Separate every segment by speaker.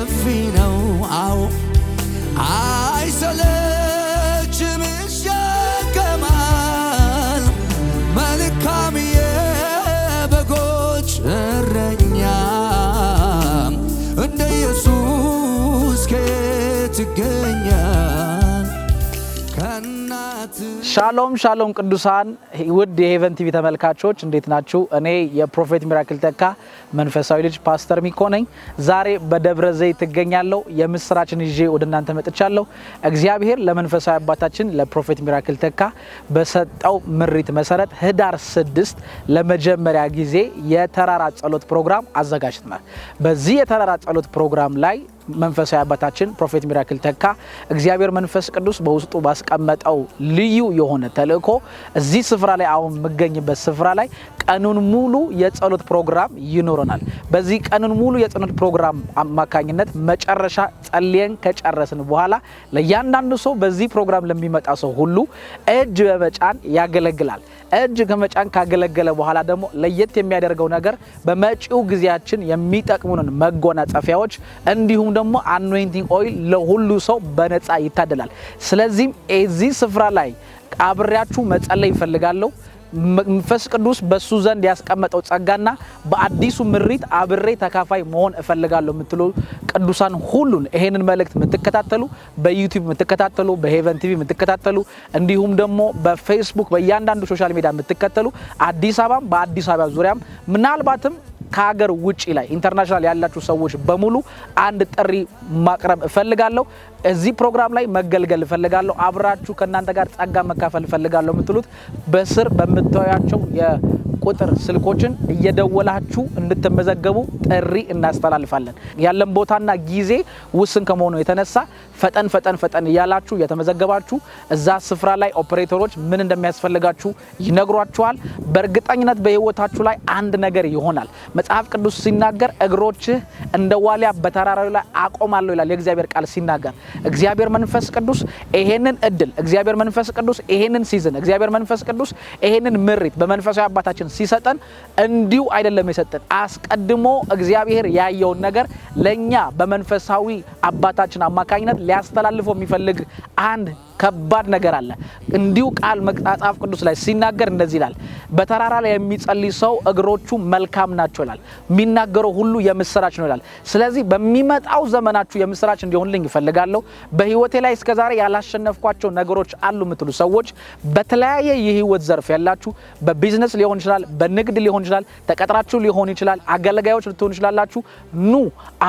Speaker 1: I know how I isolare. ሻሎም ሻሎም ቅዱሳን ውድ የሄቨን ቲቪ ተመልካቾች እንዴት ናችሁ? እኔ የፕሮፌት ሚራክል ተካ መንፈሳዊ ልጅ ፓስተር ሚኮ ነኝ። ዛሬ በደብረ ዘይት እገኛለሁ። የምስራችን ይዤ ወደ እናንተ መጥቻለሁ። እግዚአብሔር ለመንፈሳዊ አባታችን ለፕሮፌት ሚራክል ተካ በሰጠው ምሪት መሰረት ህዳር ስድስት ለመጀመሪያ ጊዜ የተራራ ጸሎት ፕሮግራም አዘጋጅተናል። በዚህ የተራራ ጸሎት ፕሮግራም ላይ መንፈሳዊ አባታችን ፕሮፌት ሚራክል ተካ እግዚአብሔር መንፈስ ቅዱስ በውስጡ ባስቀመጠው ልዩ የሆነ ተልእኮ እዚህ ስፍራ ላይ አሁን የምገኝበት ስፍራ ላይ ቀኑን ሙሉ የጸሎት ፕሮግራም ይኖረናል። በዚህ ቀኑን ሙሉ የጸሎት ፕሮግራም አማካኝነት መጨረሻ ጸልየን ከጨረስን በኋላ ለእያንዳንዱ ሰው በዚህ ፕሮግራም ለሚመጣ ሰው ሁሉ እጅ በመጫን ያገለግላል። እጅ ከመጫን ካገለገለ በኋላ ደግሞ ለየት የሚያደርገው ነገር በመጪው ጊዜያችን የሚጠቅሙንን መጎናጸፊያዎች እንዲሁም ደግሞ አኖይንቲንግ ኦይል ለሁሉ ሰው በነፃ ይታደላል። ስለዚህም እዚህ ስፍራ ላይ አብሬያችሁ መጸለይ ይፈልጋለሁ። መንፈስ ቅዱስ በሱ ዘንድ ያስቀመጠው ጸጋና በአዲሱ ምሪት አብሬ ተካፋይ መሆን እፈልጋለሁ የምትሉ ቅዱሳን ሁሉን ይሄንን መልእክት የምትከታተሉ በዩቲዩብ የምትከታተሉ በሄቨን ቲቪ የምትከታተሉ እንዲሁም ደግሞ በፌስቡክ በእያንዳንዱ ሶሻል ሚዲያ የምትከተሉ አዲስ አበባም በአዲስ አበባ ዙሪያም ምናልባትም ከሀገር ውጭ ላይ ኢንተርናሽናል ያላችሁ ሰዎች በሙሉ አንድ ጥሪ ማቅረብ እፈልጋለሁ። እዚህ ፕሮግራም ላይ መገልገል እፈልጋለሁ። አብራችሁ ከእናንተ ጋር ጸጋ መካፈል እፈልጋለሁ የምትሉት በስር በምታያቸው ቁጥር ስልኮችን እየደወላችሁ እንድትመዘገቡ ጥሪ እናስተላልፋለን። ያለን ቦታና ጊዜ ውስን ከመሆኑ የተነሳ ፈጠን ፈጠን ፈጠን እያላችሁ እየተመዘገባችሁ እዛ ስፍራ ላይ ኦፕሬተሮች ምን እንደሚያስፈልጋችሁ ይነግሯችኋል። በእርግጠኝነት በህይወታችሁ ላይ አንድ ነገር ይሆናል። መጽሐፍ ቅዱስ ሲናገር እግሮችህ እንደ ዋሊያ በተራራዊ ላይ አቆማለሁ ይላል የእግዚአብሔር ቃል ሲናገር እግዚአብሔር መንፈስ ቅዱስ ይሄንን እድል እግዚአብሔር መንፈስ ቅዱስ ይሄንን ሲዝን እግዚአብሔር መንፈስ ቅዱስ ይሄንን ምሪት በመንፈሳዊ አባታችን ሲሰጠን እንዲሁ አይደለም የሰጠን። አስቀድሞ እግዚአብሔር ያየውን ነገር ለእኛ በመንፈሳዊ አባታችን አማካኝነት ሊያስተላልፈው የሚፈልግ አንድ ከባድ ነገር አለ። እንዲሁ ቃል መጽሐፍ ቅዱስ ላይ ሲናገር እንደዚህ ይላል፣ በተራራ ላይ የሚጸልይ ሰው እግሮቹ መልካም ናቸው ይላል። የሚናገረው ሁሉ የምስራች ነው ይላል። ስለዚህ በሚመጣው ዘመናችሁ የምስራች እንዲሆንልኝ ይፈልጋለሁ። በህይወቴ ላይ እስከዛሬ ያላሸነፍኳቸው ነገሮች አሉ የምትሉ ሰዎች በተለያየ የህይወት ዘርፍ ያላችሁ በቢዝነስ ሊሆን ይችላል፣ በንግድ ሊሆን ይችላል፣ ተቀጥራችሁ ሊሆን ይችላል፣ አገልጋዮች ልትሆኑ ይችላላችሁ። ኑ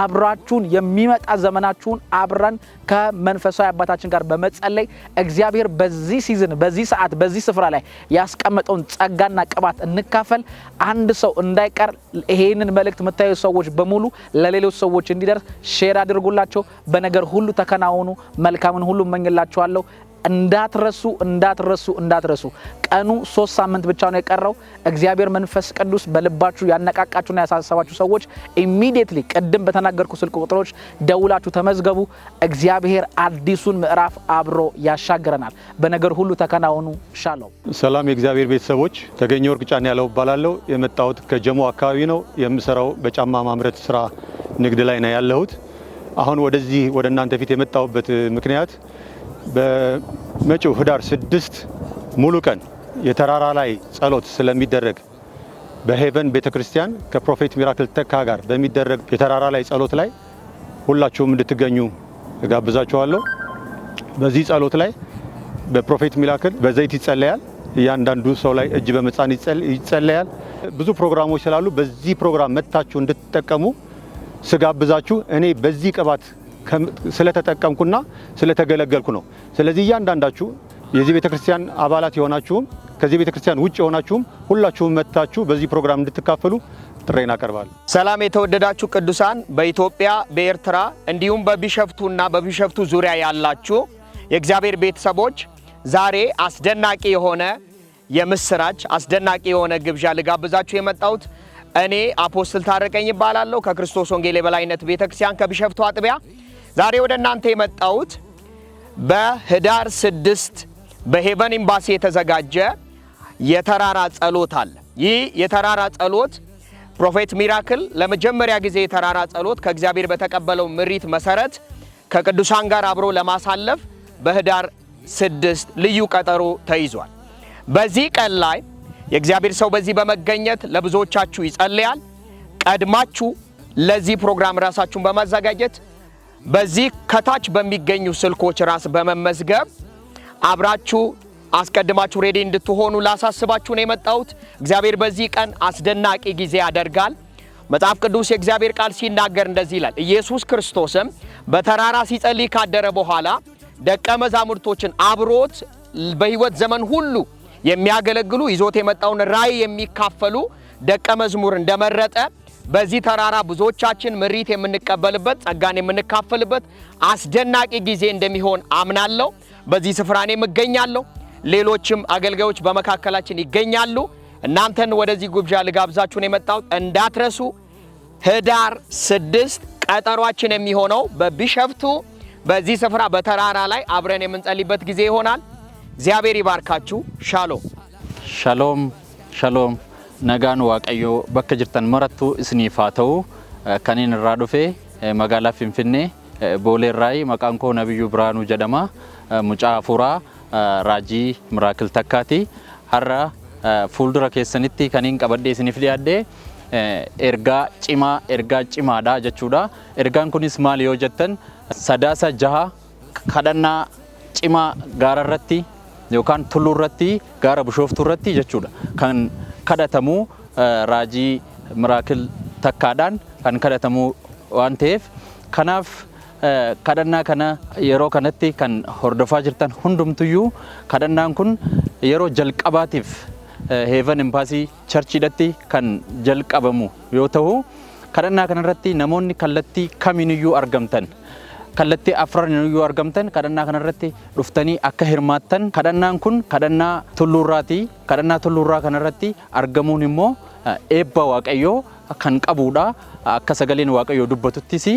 Speaker 1: አብራችሁን የሚመጣ ዘመናችሁን አብረን ከመንፈሳዊ አባታችን ጋር በመጸለይ እግዚአብሔር በዚህ ሲዝን፣ በዚህ ሰዓት፣ በዚህ ስፍራ ላይ ያስቀመጠውን ጸጋና ቅባት እንካፈል። አንድ ሰው እንዳይቀር ይሄንን መልእክት የምታዩ ሰዎች በሙሉ ለሌሎች ሰዎች እንዲደርስ ሼር አድርጉላቸው። በነገር ሁሉ ተከናወኑ። መልካምን ሁሉ እመኝላችኋለሁ። እንዳትረሱ እንዳትረሱ እንዳትረሱ። ቀኑ ሶስት ሳምንት ብቻ ነው የቀረው። እግዚአብሔር መንፈስ ቅዱስ በልባችሁ ያነቃቃችሁና ያሳሰባችሁ ሰዎች ኢሚዲየትሊ ቅድም በተናገርኩ ስልክ ቁጥሮች ደውላችሁ ተመዝገቡ። እግዚአብሔር አዲሱን ምዕራፍ አብሮ ያሻግረናል። በነገር ሁሉ ተከናወኑ። ሻለው ሰላም የእግዚአብሔር ቤተሰቦች፣ ተገኘ ወርቅ ጫን ያለው እባላለሁ። የመጣሁት ከጀሞ አካባቢ ነው። የምሰራው በጫማ ማምረት ስራ ንግድ ላይ ነው ያለሁት። አሁን ወደዚህ ወደ እናንተ ፊት የመጣሁበት ምክንያት በመጪው ህዳር ስድስት ሙሉ ቀን የተራራ ላይ ጸሎት ስለሚደረግ በሄቨን ቤተ ክርስቲያን ከፕሮፌት ሚራክል ተካ ጋር በሚደረግ የተራራ ላይ ጸሎት ላይ ሁላችሁም እንድትገኙ እጋብዛችኋለሁ። በዚህ ጸሎት ላይ በፕሮፌት ሚራክል በዘይት ይጸለያል። እያንዳንዱ ሰው ላይ እጅ በመጻን ይጸለያል። ብዙ ፕሮግራሞች ስላሉ በዚህ ፕሮግራም መጥታችሁ እንድትጠቀሙ ስጋብዛችሁ እኔ በዚህ ቅባት ስለተጠቀምኩና ስለተገለገልኩ ነው። ስለዚህ እያንዳንዳችሁ የዚህ ቤተክርስቲያን አባላት የሆናችሁም ከዚህ ቤተክርስቲያን ውጭ የሆናችሁም ሁላችሁም መጥታችሁ በዚህ ፕሮግራም እንድትካፈሉ ጥሬን አቀርባል። ሰላም የተወደዳችሁ ቅዱሳን በኢትዮጵያ በኤርትራ እንዲሁም በቢሸፍቱና በቢሸፍቱ ዙሪያ ያላችሁ የእግዚአብሔር ቤተሰቦች ዛሬ አስደናቂ የሆነ የምስራች አስደናቂ የሆነ ግብዣ ልጋብዛችሁ የመጣሁት እኔ አፖስትል ታረቀኝ ይባላለሁ ከክርስቶስ ወንጌል የበላይነት ቤተክርስቲያን ከቢሸፍቱ አጥቢያ ዛሬ ወደ እናንተ የመጣሁት በህዳር ስድስት በሄቨን ኤምባሲ የተዘጋጀ የተራራ ጸሎት አለ። ይህ የተራራ ጸሎት ፕሮፌት ሚራክል ለመጀመሪያ ጊዜ የተራራ ጸሎት ከእግዚአብሔር በተቀበለው ምሪት መሰረት ከቅዱሳን ጋር አብሮ ለማሳለፍ በህዳር ስድስት ልዩ ቀጠሮ ተይዟል። በዚህ ቀን ላይ የእግዚአብሔር ሰው በዚህ በመገኘት ለብዙዎቻችሁ ይጸልያል። ቀድማችሁ ለዚህ ፕሮግራም ራሳችሁን በማዘጋጀት በዚህ ከታች በሚገኙ ስልኮች ራስ በመመዝገብ አብራችሁ አስቀድማችሁ ሬዲ እንድትሆኑ ላሳስባችሁ ነው የመጣሁት። እግዚአብሔር በዚህ ቀን አስደናቂ ጊዜ ያደርጋል። መጽሐፍ ቅዱስ የእግዚአብሔር ቃል ሲናገር እንደዚህ ይላል። ኢየሱስ ክርስቶስም በተራራ ሲጸልይ ካደረ በኋላ ደቀ መዛሙርቶችን አብሮት በሕይወት ዘመን ሁሉ የሚያገለግሉ ይዞት የመጣውን ራእይ የሚካፈሉ ደቀ መዝሙር እንደመረጠ በዚህ ተራራ ብዙዎቻችን ምሪት የምንቀበልበት ጸጋን የምንካፈልበት አስደናቂ ጊዜ እንደሚሆን አምናለሁ። በዚህ ስፍራ እኔም እገኛለሁ። ሌሎችም አገልጋዮች በመካከላችን ይገኛሉ። እናንተን ወደዚህ ጉብዣ ልጋብዛችሁን የመጣሁት እንዳትረሱ። ህዳር ስድስት ቀጠሯችን የሚሆነው በቢሸፍቱ በዚህ ስፍራ በተራራ ላይ አብረን የምንጸልይበት ጊዜ ይሆናል። እግዚአብሔር ይባርካችሁ። ሻሎም ሻሎም ሻሎም። nagaan waaqayyoo bakka jirtan marattuu isiniif haa ta'u. Kaniin irraa dhufee magaalaa Finfinnee Booleerraayi maqaan koo Nabiyyuu Biraanuu jedhama. Mucaa Afuuraa Raajii Miraakil Takkaati. Har'a fuuldura keessanitti kaniin qabadhee isiniif dhiyaadhee ergaa cimaa ergaa cimaadha jechuudha. Ergaan kunis maal yoo jettan sadaasa jaha kadhannaa cimaa gaara irratti yookaan tulluu irratti gaara bishooftuu irratti jechuudha. Kan kadhatamuu raajii miraakil takkaadhaan kan kadhatamuu waan ta'eef kanaaf kadhannaa kana yeroo kanatti kan hordofaa jirtan hundumtuyyuu kadhannaan kun yeroo jalqabaatiif heevan imbaasii charchiidhatti kan jalqabamu yoo ta'u kadhannaa kanarratti namoonni kallattii kamiiniyyuu argamtan kallattii afran yoo argamtan kadhannaa kanarratti dhuftanii akka hirmaattan kadhannaan kun kadhannaa tulluurraati kadhannaa tulluurraa kanarratti argamuun immoo eebba waaqayyoo kan qabuudha akka sagaleen waaqayyoo dubbatuttis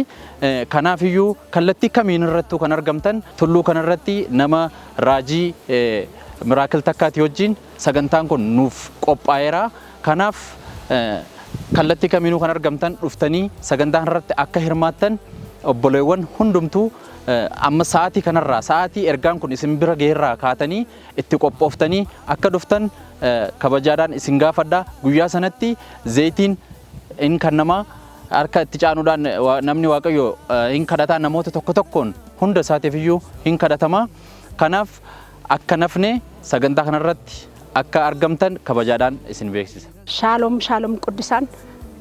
Speaker 1: kanaaf iyyuu kallattii kamiin irrattuu kan argamtan tulluu kanarratti nama raajii miraakil takkaati wajjiin sagantaan kun nuuf qophaa'eera kanaaf kallattii kamiinuu kan argamtan dhuftanii sagantaa irratti akka hirmaattan obboleewwan hundumtuu amma sa'aatii kanarraa sa'aatii ergaan kun isin bira geerraa kaatanii itti qophooftanii akka dhuftan kabajaadhaan isin gaafadha. Guyyaa sanatti zayitiin hin namaa harka itti caanuudhaan namni waaqayyo hin kadhataa namoota tokko tokkoon hunda isaatiif iyyuu hin kadhatama. Kanaaf akka nafne sagantaa kanarratti akka argamtan kabajaadhaan isin beeksisa. Shaaloom shaaloom quddisaan.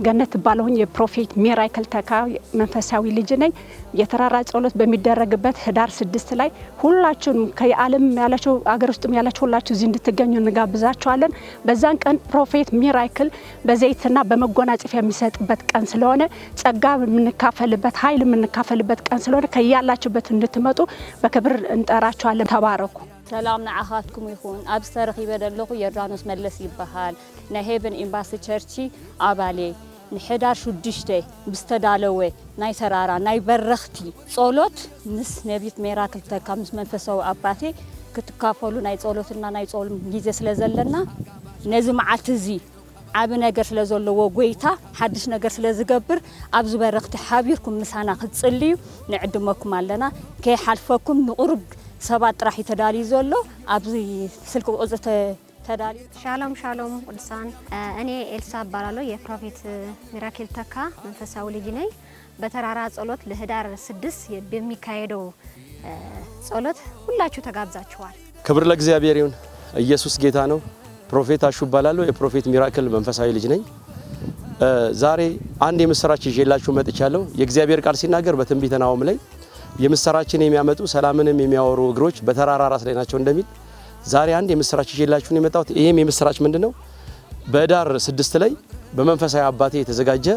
Speaker 1: ገነት ባለሁኝ የፕሮፌት ሚራይክል ተካ መንፈሳዊ ልጅ ነኝ። የተራራ ጸሎት በሚደረግበት ህዳር ስድስት ላይ ሁላችሁም ከየዓለም ያላቸው አገር ውስጥም ያላቸው ሁላችሁ እዚህ እንድትገኙ እንጋብዛችኋለን። በዛን ቀን ፕሮፌት ሚራይክል በዘይትና በመጎናጸፊያ የሚሰጥበት ቀን ስለሆነ ጸጋ የምንካፈልበት ኃይል የምንካፈልበት ቀን ስለሆነ ከያላችሁበት እንድትመጡ በክብር እንጠራችኋለን። ተባረኩ። ሰላም ንዓኻትኩም ይኹን ኣብ ዝተረኺበ ዘለኹ የርዳኖስ መለስ ይበሃል ናይ ሄቨን ኤምባሲ ቸርቺ ኣባሌ ንሕዳር ሽዱሽተ ብዝተዳለወ ናይ ተራራ ናይ በረኽቲ ጸሎት ምስ ነቢት ሜራ ክልተካ ምስ መንፈሳዊ ኣባቴ ክትካፈሉ ናይ ጸሎትና ናይ ጸሎም ግዜ ስለ ዘለና ነዚ መዓልቲ እዚ ዓብ ነገር ስለ ዘለዎ ጎይታ ሓድሽ ነገር ስለ ዝገብር ኣብዚ በረኽቲ ሓቢርኩም ምሳና ክትጽልዩ ንዕድመኩም ኣለና ከይሓልፈኩም ንቑርብ ሰባት ጥራሕ እዩ ተዳልዩ ዘሎ ኣብዚ ስልክ ቁፅ ተዳሊ ሻሎም ሻሎም ቅዱሳን፣ እኔ ኤልሳ እባላለሁ የፕሮፌት ሚራክል ተካ መንፈሳዊ ልጅ ነኝ። በተራራ ጸሎት ለህዳር ስድስት በሚካሄደው ጸሎት ሁላችሁ ተጋብዛችኋል። ክብር ለእግዚአብሔር ይሁን። ኢየሱስ ጌታ ነው። ፕሮፌት አሹ እባላለሁ የፕሮፌት ሚራክል መንፈሳዊ ልጅ ነኝ። ዛሬ አንድ የምስራች ይዤላችሁ መጥቻለሁ። የእግዚአብሔር ቃል ሲናገር በትንቢተ ናሆም ላይ የምስራችን የሚያመጡ ሰላምንም የሚያወሩ እግሮች በተራራ ራስ ላይ ናቸው እንደሚል ዛሬ አንድ የምስራች ይዤላችሁን የመጣሁት ይሄም የምስራች ምንድነው? በዳር ስድስት ላይ በመንፈሳዊ አባቴ የተዘጋጀ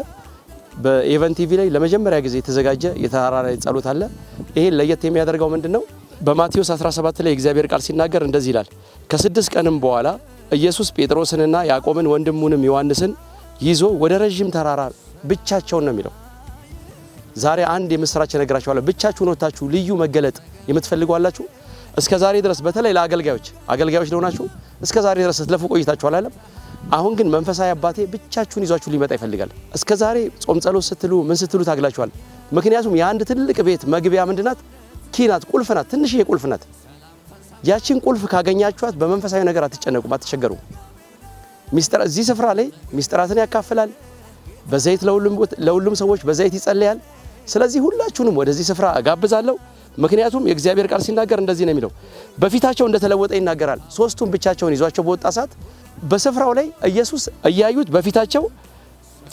Speaker 1: በኤቨን ቲቪ ላይ ለመጀመሪያ ጊዜ የተዘጋጀ የተራራ ላይ ጸሎት አለ። ይሄን ለየት የሚያደርገው ምንድነው? በማቴዎስ 17 ላይ እግዚአብሔር ቃል ሲናገር እንደዚህ ይላል፣ ከስድስት ቀንም በኋላ ኢየሱስ ጴጥሮስንና ያዕቆብን ወንድሙንም ዮሐንስን ይዞ ወደ ረዥም ተራራ ብቻቸውን ነው የሚለው። ዛሬ አንድ የምስራች እነግራችኋለሁ። ብቻችሁን ወጥታችሁ ልዩ መገለጥ የምትፈልጓላችሁ እስከ ዛሬ ድረስ በተለይ ለአገልጋዮች አገልጋዮች ለሆናችሁ እስከ ዛሬ ድረስ ስትለፉ ቆይታችሁ አላለም። አሁን ግን መንፈሳዊ አባቴ ብቻችሁን ይዟችሁ ሊመጣ ይፈልጋል። እስከ ዛሬ ጾም ጸሎት ስትሉ ምን ስትሉ ታግላችኋል። ምክንያቱም የአንድ ትልቅ ቤት መግቢያ ምንድናት? ኪናት፣ ቁልፍናት፣ ትንሽዬ ናት። ያችን ቁልፍ ካገኛችኋት በመንፈሳዊ ነገር አትጨነቁም፣ አትቸገሩም። እዚህ ስፍራ ላይ ሚስጥራትን ያካፍላል። በዘይት ለሁሉም ሰዎች በዘይት ይጸለያል። ስለዚህ ሁላችሁንም ወደዚህ ስፍራ እጋብዛለሁ። ምክንያቱም የእግዚአብሔር ቃል ሲናገር እንደዚህ ነው የሚለው፣ በፊታቸው እንደተለወጠ ይናገራል። ሶስቱን ብቻቸውን ይዟቸው በወጣ ሰዓት በስፍራው ላይ ኢየሱስ እያዩት በፊታቸው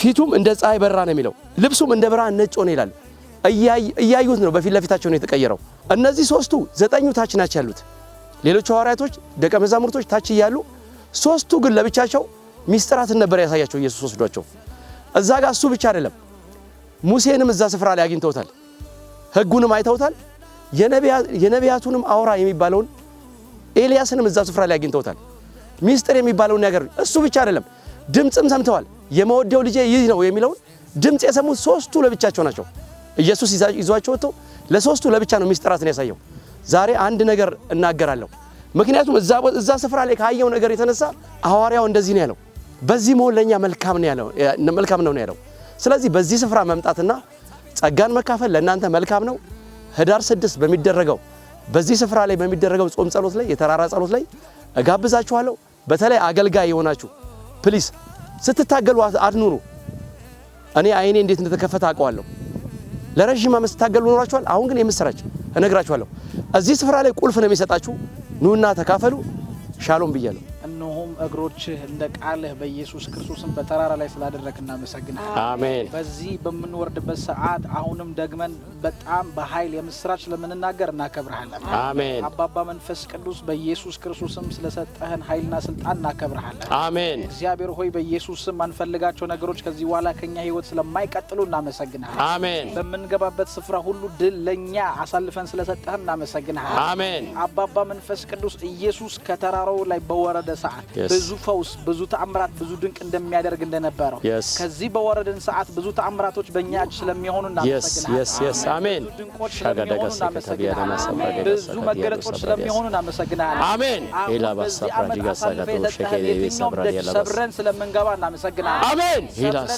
Speaker 1: ፊቱም እንደ ፀሐይ በራ ነው የሚለው፣ ልብሱም እንደ ብርሃን ነጭ ሆነ ይላል። እያዩት ነው በፊት ለፊታቸው ነው የተቀየረው። እነዚህ ሶስቱ ዘጠኙ ታች ናቸው ያሉት። ሌሎቹ ሐዋርያቶች ደቀ መዛሙርቶች ታች እያሉ፣ ሶስቱ ግን ለብቻቸው ሚስጥራትን ነበር ያሳያቸው ኢየሱስ ወስዷቸው። እዛ ጋር እሱ ብቻ አይደለም ሙሴንም እዛ ስፍራ ላይ አግኝተውታል፣ ህጉንም አይተውታል የነቢያቱንም አውራ የሚባለውን ኤልያስንም እዛ ስፍራ ላይ አግኝተውታል። ሚስጥር የሚባለውን ነገር እሱ ብቻ አይደለም፣ ድምፅም ሰምተዋል። የመወደው ልጄ ይህ ነው የሚለውን ድምፅ የሰሙት ሶስቱ ለብቻቸው ናቸው። ኢየሱስ ይዟቸው ወጥተው ለሶስቱ ለብቻ ነው ሚስጥራትን ያሳየው። ዛሬ አንድ ነገር እናገራለሁ፣ ምክንያቱም እዛ ስፍራ ላይ ካየው ነገር የተነሳ ሐዋርያው እንደዚህ ነው ያለው። በዚህ መሆን ለእኛ መልካም ነው ያለው። ስለዚህ በዚህ ስፍራ መምጣትና ጸጋን መካፈል ለእናንተ መልካም ነው። ህዳር ስድስት በሚደረገው በዚህ ስፍራ ላይ በሚደረገው ጾም ጸሎት ላይ የተራራ ጸሎት ላይ እጋብዛችኋለሁ። በተለይ አገልጋይ የሆናችሁ ፕሊስ ስትታገሉ አትኑሩ። እኔ አይኔ እንዴት እንደተከፈተ አውቀዋለሁ። ለረዥም ዓመት ስታገሉ ኖራችኋል። አሁን ግን የምስራች እነግራችኋለሁ። እዚህ ስፍራ ላይ ቁልፍ ነው የሚሰጣችሁ። ኑና ተካፈሉ። ሻሎም ብያለሁ። ፍጹም እግሮች እንደ ቃልህ በኢየሱስ ክርስቶስን በተራራ ላይ ስላደረክ እናመሰግናል። አሜን። በዚህ በምንወርድበት ሰዓት አሁንም ደግመን በጣም በኃይል የምስራች ስለምንናገር እናከብረሃለን። አሜን። አባባ መንፈስ ቅዱስ በኢየሱስ ክርስቶስም ስለሰጠህን ኃይልና ስልጣን እናከብረሃለን። አሜን። እግዚአብሔር ሆይ በኢየሱስም አንፈልጋቸው ነገሮች ከዚህ በኋላ ከኛ ህይወት ስለማይቀጥሉ እናመሰግናለን። አሜን። በምንገባበት ስፍራ ሁሉ ድል ለእኛ አሳልፈን ስለሰጠህን እናመሰግናል። አሜን። አባባ መንፈስ ቅዱስ ኢየሱስ ከተራራው ላይ በወረደ ሰዓት ብዙ ፈውስ፣ ብዙ ተአምራት፣ ብዙ ድንቅ እንደሚያደርግ እንደነበረው ከዚህ በወረድን ሰዓት ብዙ ተአምራቶች በእኛ እጅ ስለሚሆኑ እናመሰግናለን። ድንቆች ስለሚሆኑ ብዙ መገለጦች ስለሚሆኑ እናመሰግናለን። አሜን። በዚህ ዓመት አሳልፈ የሰጠህን የትኛውም ደጅ ሰብረን ስለምንገባ እናመሰግናለን። አሜን።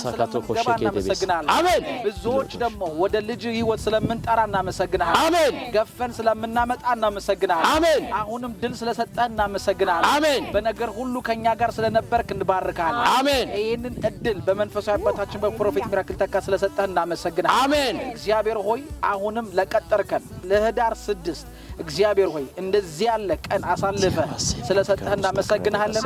Speaker 1: ሰብረን ስለምንገባ እናመሰግናለን። ብዙዎች ደግሞ ወደ ልጅ ህይወት ስለምንጠራ እናመሰግናለን። አሜን። ገፈን ስለምናመጣ እናመሰግናለን። አሜን። አሁንም ድል ስለሰጠ እናመሰግናለን። አሜን። በነገር ሁሉ ሁሉ ከኛ ጋር ስለነበርክ እንባርካለን። አሜን። ይህንን እድል በመንፈሳዊ አባታችን በፕሮፌት ሚራክል ተካ ስለሰጠህ እናመሰግናል። አሜን። እግዚአብሔር ሆይ አሁንም ለቀጠርከን ለህዳር ስድስት እግዚአብሔር ሆይ እንደዚህ ያለ ቀን አሳልፈ ስለሰጠህ እናመሰግንሃለን።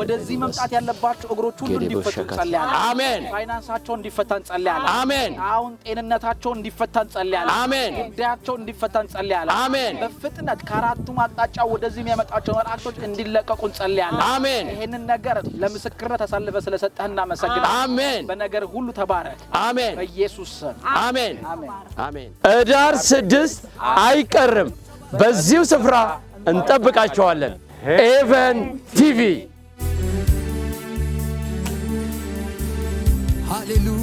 Speaker 1: ወደዚህ መምጣት ያለባቸው እግሮች ሁሉ እንዲፈቱ እንጸልያለን። አሜን። ፋይናንሳቸው እንዲፈታ እንጸልያለን። አሜን። አሁን ጤንነታቸው እንዲፈታ እንጸልያለን። አሜን። ጉዳያቸው እንዲፈታ እንጸልያለን። አሜን። በፍጥነት ከአራቱም አቅጣጫ ወደዚህ የሚያመጣቸው መልአክቶች እንዲለቀቁ እንጸልያለን። አሜን። ይህንን ነገር ለምስክርነት አሳልፈ ስለሰጠህ እናመሰግናለን። አሜን። በነገር ሁሉ ተባረክ። አሜን። በኢየሱስ ስም አሜን። አሜን። ኅዳር ስድስት አይቀርም። በዚሁ ስፍራ እንጠብቃቸዋለን። ኤቨን ቲቪ ሃሌሉ